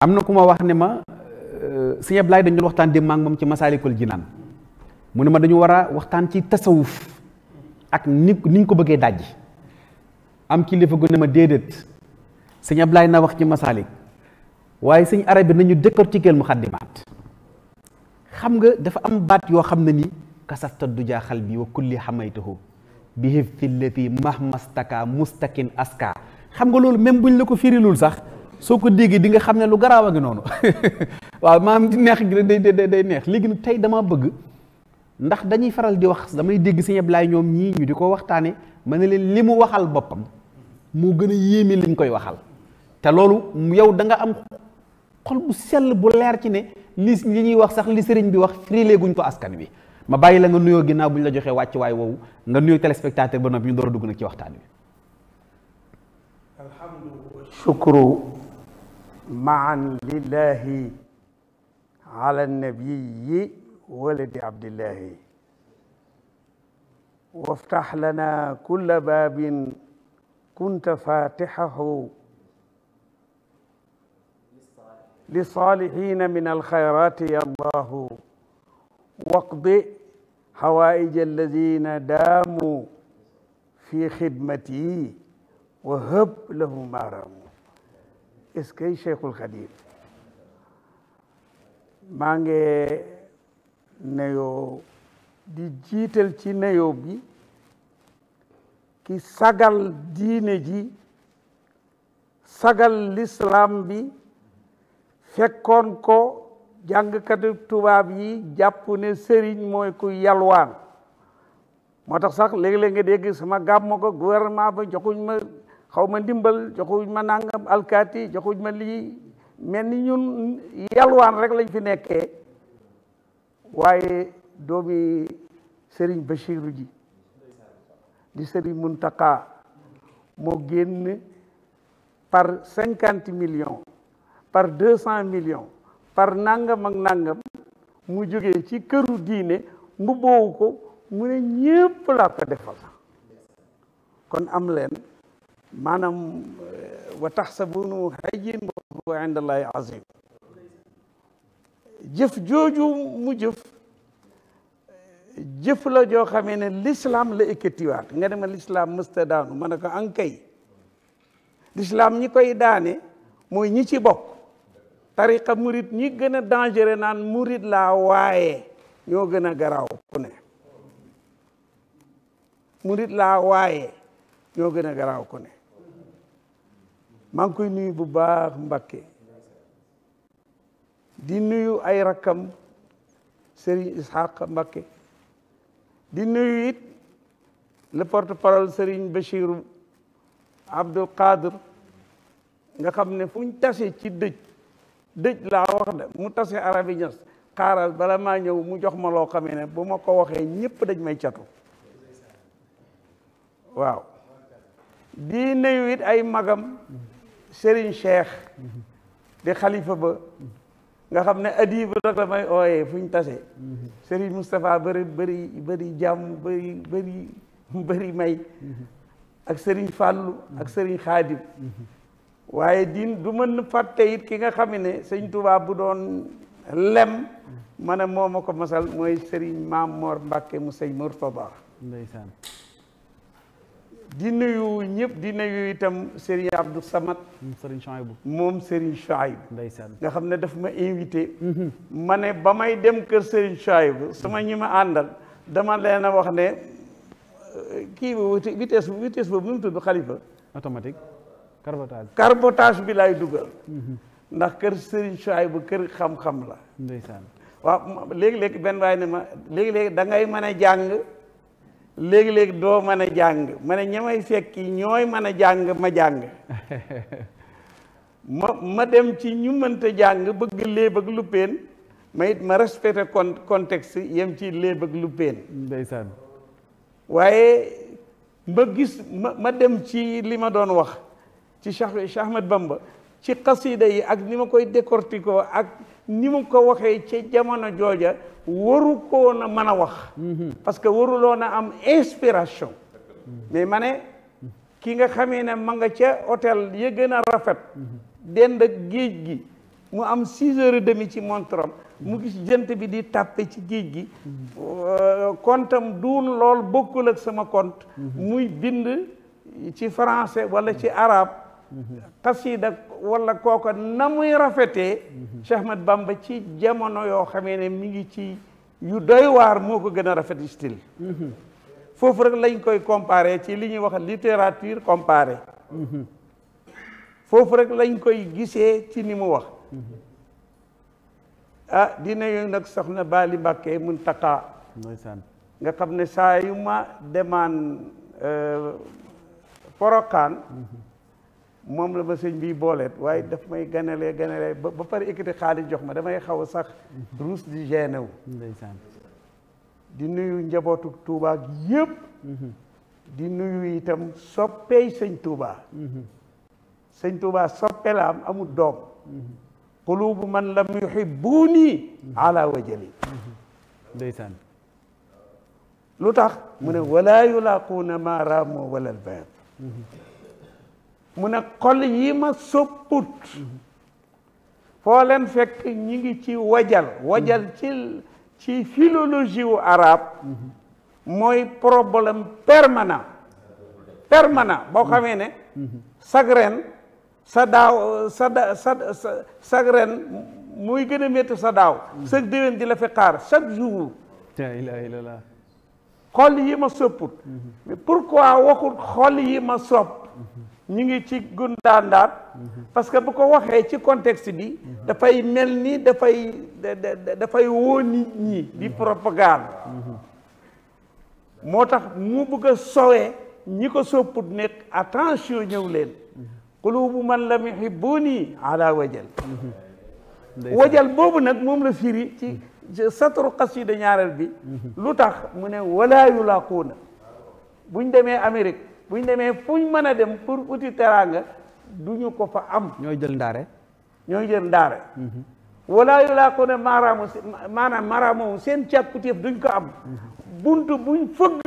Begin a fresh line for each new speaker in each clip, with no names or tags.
am na ku ma wax ne ma euh, sëñ Ablaye dañu doon waxtaan démb ak moom ci Masaalikul Jinaan mu ne ma dañu war a waxtaan ci tasawuf ak ni niñ ko bëggee dajji am kilifa gu ne ma déedéet sëñ na wax ci masaalik waaye sëñ arab bi nañu décortiquer muxaddimaat xam nga dafa am baat yoo xam ne ni kasafta du jaaxal bi wa kulli xamaytahu bi hifti lati mahmastaka mustakin aska xam nga loolu même buñ la ko firilul sax soo ko déggee di nga xam ne lu garaaw a ngi noonu waaw maam di neex gi day day day neex tey dama bëgg ndax dañuy faral di wax damay dégg si sëñ Ablaay ñoom ñii ñu di ko waxtaane ma ne leen li mu waxal boppam moo gën a yéeme liñ koy waxal te loolu yow da nga am xol bu sell bu leer ci ne li ñuy wax sax li sëriñ bi wax frilé guñ ko askan wi ma bàyyi la nga nuyoo ginnaaw bu ñu la joxee wàcc waay woowu nga nuyoo téléspectateur ba noppi ñu door a dugg nag ci waxtaan wi
alhamdu maan lillahi ala nabiyi waladi abdillahi waftax lana kulla baabin kunta fatixahu للصالحين من الخيرات يا الله واقض حوائج الذين داموا في خدمتي وهب لهم ما راموا est-ce que Cheikhul Khadim maa ngi nuyoo di jiital ci nuyoo bi ki sagal diine ji sagal lislaam bi fekkoon ko jàngkatu tubaab yi jàpp ne sëriñ mooy ku yalwaan moo tax sax léeg-léeg nga dégg sama gàmmu ko gouvernement ba joxuñ xaw ma ndimbal joxuñ ma nangam alkaati joxuñ ma lii mel ni ñun yalwaan rek lañu fi nekkee waaye doomi Serigne Bachiru ji di mun Muntaka moo génn par cinquante millions par deux cent millions par nangam ak nangam mu jógee ci këru diine mu boowu ko mu ne ñëpp laa ko defal kon am leen maanaam wa taxsabunahu hayyin wa huwa inda jëf jooju mu jëf jëf la joo xamee ne lislaam la ekkatiwaat nga dema l'islam mësta daanu ma ne ko an kay ñi koy daane mooy ñi ci bokk tariqa murid ñi gën a dangereux naan murid laa waaye ñoo gën a garaaw ku ne gën a garaaw ku ne maa ngi koy nuyu bu baax Mbàkke di nuyu ay rakkam Serigne Ishaq Mbàkke di nuyu it le porte-parole Serigne Bachiru Abdul Qadir nga xam ne fuñ tase ci dëj dëj laa wax de mu tase arabi xaaral bala maa ñëw mu jox ma loo xamee ne bu ma ko waxee ñëpp dañ may catu waaw di nuyu it ay magam Serigne Cheikh di xalifa ba nga xam ne adiba rek may ooyee fu ñu tase Serigne Moustapha bëri bëri jàmm bëri bëri bëri may ak Serigne Fallou ak Serigne Khadim waaye din du mën fàtte it ki nga xam ne sëñ Touba bu doon lem ma ne moo ko masal mooy Serigne Maam Mor Mbacke mu sëñ Mourtada ndeysaan di nuyu ñëpp di nuyu itam Serigne Abdou Samad. Serigne bu moom Serigne Chouaïbou. ndeysaan nga xam ne daf ma invité. Mm-hmm. ma ne ba may dem kër Serigne Chouaïbou sama ñi ma àndal dama leen a wax ne kii bi vitesse vitesse boobu nu mu tudd xalifa. automatique carbotage. carbotage bi laay dugal. Mm-hmm. ndax kër Serigne Chouaïbou kër xam-xam la. ndeysaan waaw léegi léegi benn waay ne ma léegi léegi da mën a jàng. léegi léeg doo mën a jàng ma ne ña may fekki ñooy mën a jàng ma jàng ma ma dem ci ñu mënta jàng bëgg léeb lu peen ma it ma respecté con contexte yem ci léeb ak lu peen waaye ma gis ma ma dem ci li ma doon wax ci Cheikh Bamba ci xasida yi ak ni ma koy décortiquer ak ni ma ko waxee ci jamono jooja waru koo na mën a wax mhm. parce que waruloon a am inspiration mais ma ne ki nga xamee ne ma nga ca hôtel ya gën rafet mhm. dend géej gi mu am six heures demi ci montoram mu gis jant bi di tàppe ci géej gi mhm. euh, kontam duun lool bokkul ak sama compte muy bind ci français walla ci arabe xasiid ak wala kooka na muy rafetee mhm. Cheikh Ahmad Bamba ci jamono yoo xamee ne mi ngi ci yu doy waar moo ko gën a rafet style mhm. foofu rek lañ koy comparé ci li ñuy wax littérature comparée mhm. foofu rek lañ koy gisee ci ni mu wax ah dina yooyu nag soxna Baali Mbàkke mun taqaa nga xam ne saa ma demaan euh, porokaan moom la ma sëñ bi boole waaye daf may ganalee ganalee ba ba pare ekkati xaalis jox ma damay xaw a sax ruus di gêné wu di nuyu njabootu Touba gi yëpp di nuyu itam soppeey sëñ Touba sëñ Touba soppe la am amul doom qulubu man lam yuhibbuni ala wajali ndeysaan lu tax mu ne wala yulaquuna ma raamoo wala albaab mu ne xol yi ma sopput foo fekk ñi ngi ci wajal wajal ci ci philologie wu arabe mooy problème permanent permanent boo xamee ne sagren sa daaw sa sa sagren muy gën a métti sa daaw sa déwén di la fi xaar chaque jour la yi ma sopput mais pourquoi waxut xol yi ma sopp ñu ngi ci gundaandaat parce que bu ko waxee ci contexte bi dafay mel nii dafay dafay woo nit ñi di propagande moo tax mu bugg soowee ñi ko sopput nekk attention ñëw leen qulubu man lam yuhibbuni ala wajal wajal boobu nag moom la firi ci satru qasida ñaareel bi mhm. lu tax mu ne wala yulaquuna buñ demee Amérique buñ demee fuñ mën a dem pour uti teraanga du ko fa am ñooy jël ndaare ñooy jël ndaare mhm. walaa yu laa ko ne maaraamu maanaam maaraamu seen càkkutéef duñ ko am
mhm.
bunt buñ fëgg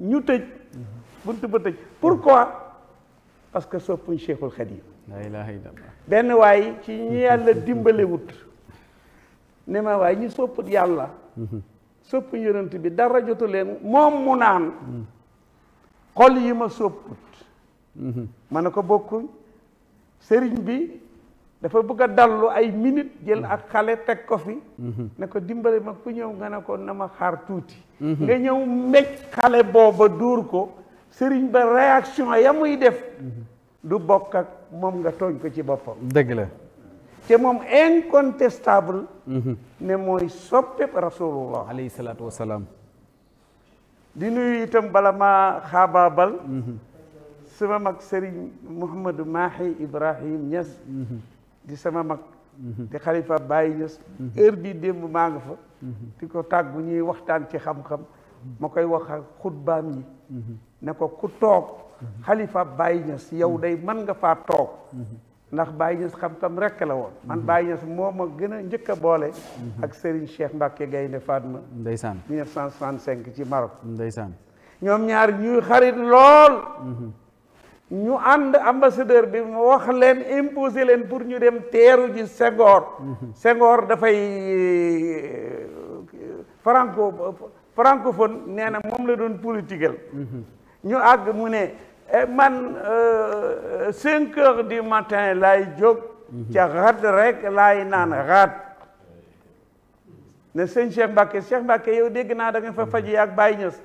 ñu tëj mhm. bunt ba tëj pourquoi parce que soppuñ Cheikhul Khadim benn waay ci ñu yàlla dimbalewut ne ma waay ñu sopput yàlla soppuñ yonent bi dara jotu leen moom mu naan xol yi ma sopput mhm. ma ne ko bokkuñ sëriñ bi dafa bëgg a dallu ay minute jël mhm. ak xale teg ko fi mhm. ne ko dimbali ma ku ñëw nga ne ko na ma xar tuuti nga ñëw mbéj xale booba dóor ko sëriñ ba réaction ya muy def du bokk ak moom nga tooñ ko ci boppam dëgg la moom incontestable ne mooy soppe rasulullah alayhi salaatu wasalaam di nuyu itam bala maa xaabaabal mhm. sama mag Serigne Mouhamadou Mahi Ibrahim Niass mhm. di sama mag mhm. di xalifa bàyyi Niass heure bii démb maa nga fa di ko tàggu ñuy waxtaan ci xam-xam ma koy wax ak xutbaam yi ne ko ku toog xalifa Baye Niass yow day mën nga faa toog ndax Baye Niass xam-xam rek la woon man mhm. Baye Niass moom ma gën a njëkk a boole mhm. ak Serigne Cheikh Mbacke Gaynde Fatma ndeysaan cinq ci Maroc ndeysaan ñoom ñaar ñuy xarit lool mhm. ñu ànd ambassadeur bi mu wax leen imposé leen pour ñu dem teeru ji Senghor Senghor dafay euh, franco francophone nee na moom la doon politiquel ñu àgg mu ne Eh, man eh, eh, cinq heures du matin lay jóg mhm. ca xat rek laay naan xaat ne sëñ Cheikh Mbacke Cheikh Mbacke yow dégg naa da nga fa mhm. faji ak Baye Niass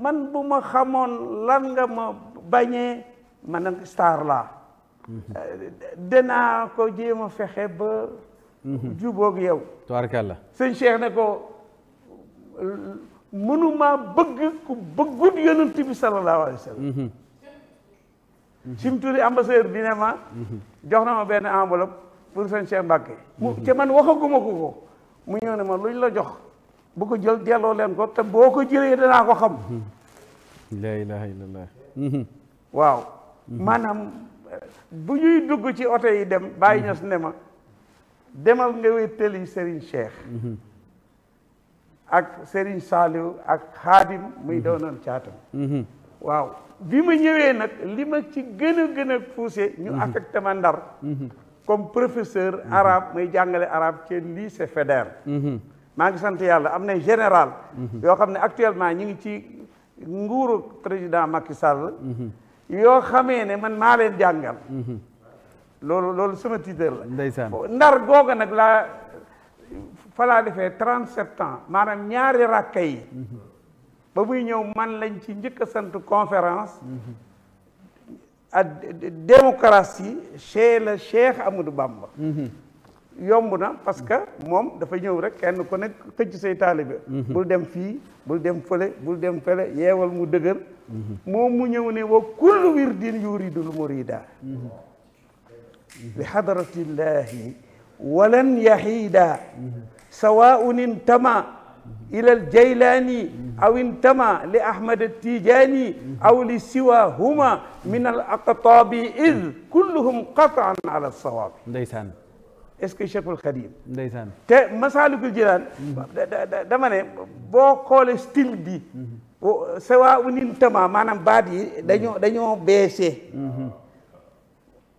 man bu ma xamoon lan nga ma bañee man nag star la mhm. danaa ko jéem a fexe ba jubóog yow tubaarkàlla sëñ Cheikh ne ko mënuma bëgg ku bëggut yonent sallallahu alayhi wa sallam Sim Touré ambassadeur bi ne ma jox na ma benn enveloppe pour sëñ Cheikh Mbacke mu te man waxaguma ko ko mu ñëw ne ma luñ la jox bu ko jël delloo leen ko te boo ko jëlee danaa ko xam
laa ilaha illallah
waaw maanaam bu ñuy dugg ci oto yi dem bàyyi ños ne ma demal nga wéttali Serigne Cheikh ak seriñ Saliou ak Xaadim muy doonoon caatam mhm. waaw bi ma ñëwee nag li ma ci gën a gën ñu mhm. affecté ma ndar mhm. comme professeur mhm. arabe may jàngale arabe ci lycée Faidherbe maa ngi sant yàlla am na général yoo xam ne actuellement ñu ngi ci nguuru président Macky Sall yoo xamee ne man maa leen jàngal loolu loolu sama titre la ndeysaan ndar googa nag laa falaa defee trente sept ans maanaam ñaari rakka yi ba muy ñëw man lañ ci njëkk a sant conférence à démocratie chez le Cheikh Amadou Bamba yomb na parce que moom dafa ñëw rek kenn ku nekk xëcc say taalibe bul dem fii bul dem fële bul dem fële yeewal mu dëgër moom mu ñëw ne wa kullu wirdin yuridul murida li hadratillahi walan yahida sawaun intama ila aljaylani aw intama li ahmad altijani aw li siwahuma min al aqtaabi id kulluhum qataan ala alsawaabi ndeysaan est-ce que Cheikhul Khadim ndeysaan te Masaalikul Jinaan dama boo xoolee style bi sawa un intama maanaam baat yi dañoo dañoo beesee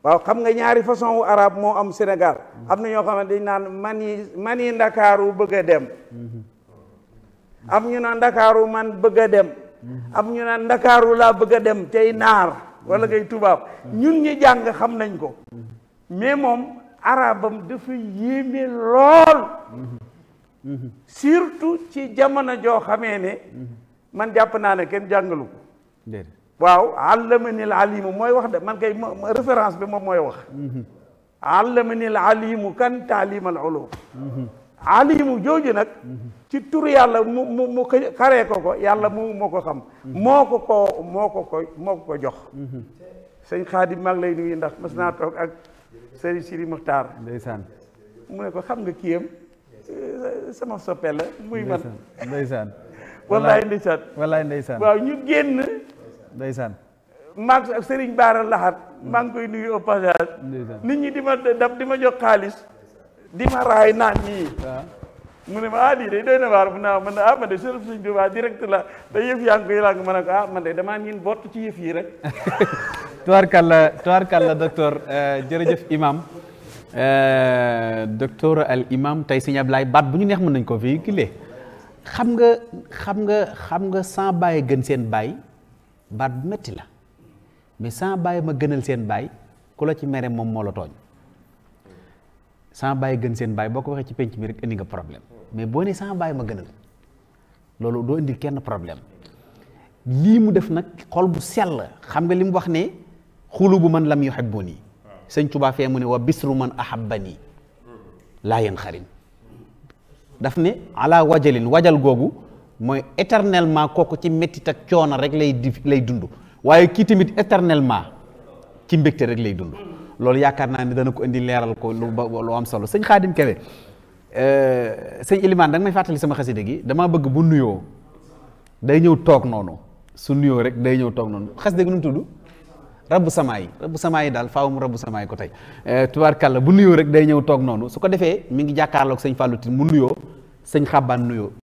waaw xam nga ñaari façon wu arabe moo am Sénégal am na ñoo xam ne dañ naan mani mani Ndakaaru bëgg a dem am ñu naan ndakaaru man bëgg a dem am ñu naan ndakaaru laa bëgg a dem tey naar wala ngay tubaab ñu ñu jàng xam nañ ko mais moom arabam dafa yéeme lool surtout ci jamono joo xamee ne man jàpp naa ne kenn jàngalu ko waaw la alimu mooy wax de man kay référence bi moom mooy wax mhm. la alimu kan taalimal ulum alimu jooju nag ci tur yàlla mu mu mu xaree ko ko yàlla mu moo ko xam moo ko ko moo ko ko moo ko jox sëñ Xaadim maa ngi lay nuyu ndax mas naa toog ak sëriñ Siri Muxtaar ndeysaan mu ne ko xam nga kiyam sama soppe la muy man
ndeysaan wallaay ndeysaan wallaay waaw
ñu génn ndeysaan maa ak sëriñ Baara Laxat mm. maa ngi koy nuyu au nit ñi di ma dab di ma jox xaalis di ma raay naan nii mu ne ma ah lii day doy na waar mu ne man ah man de sërëf sëñ bi waa direct la te yëf yaa ngi koy làng ma ne ko ah man de damaa niin bott ci yëf yi rek
tubaarkàlla tubaarkàlla docteur euh, jërëjëf imam euh, docteur al imam tey sëñ Ablaye baat bu ñu neex mën nañ ko véhiculer xam nga xam nga xam nga sans bàyyi gën seen baay baat bu metti la mais sans bàyyi ma gënal seen bàyyi ku la ci mere moom moo la tooñ sama baay gën seen baay boo ko waxee ci penc mi rek indi nga problème mais boo nee sama baay ma gënal loolu doo indil kenn problème lii mu def nag xol bu sell xam nga li mu wax ne xulubu man lam yuhibbuni sëñ Tuubaa fee mu ne wa bisru man ahabbani laa yéen xarin daf ne ala wajalin wajal googu mooy éternellement kooku ci mettit ak coono rek lay di lay dund waaye kii tamit éternellement ci mbégte rek lay dund loolu yaakaar naa ni dana ko indi leeral ko lu ba lu am solo sëñ Xaadim Kebe euh, sëñ Ilimaan da may fàttali sama xasida gi damaa bëgg bu nuyoo day ñëw toog noonu su nuyoo rek day ñëw toog noonu xasida gi nu mu tudd rabbu samaay yi rabbu samaa yi daal faaw mu rabbu samaa yi ko tey euh, tubaarkàlla bu nuyoo rek day ñëw toog noonu su ko defee mi ngi jàkkaarloog sëñ Fallou Tine mu nuyoo sëñ Xabaan nuyoo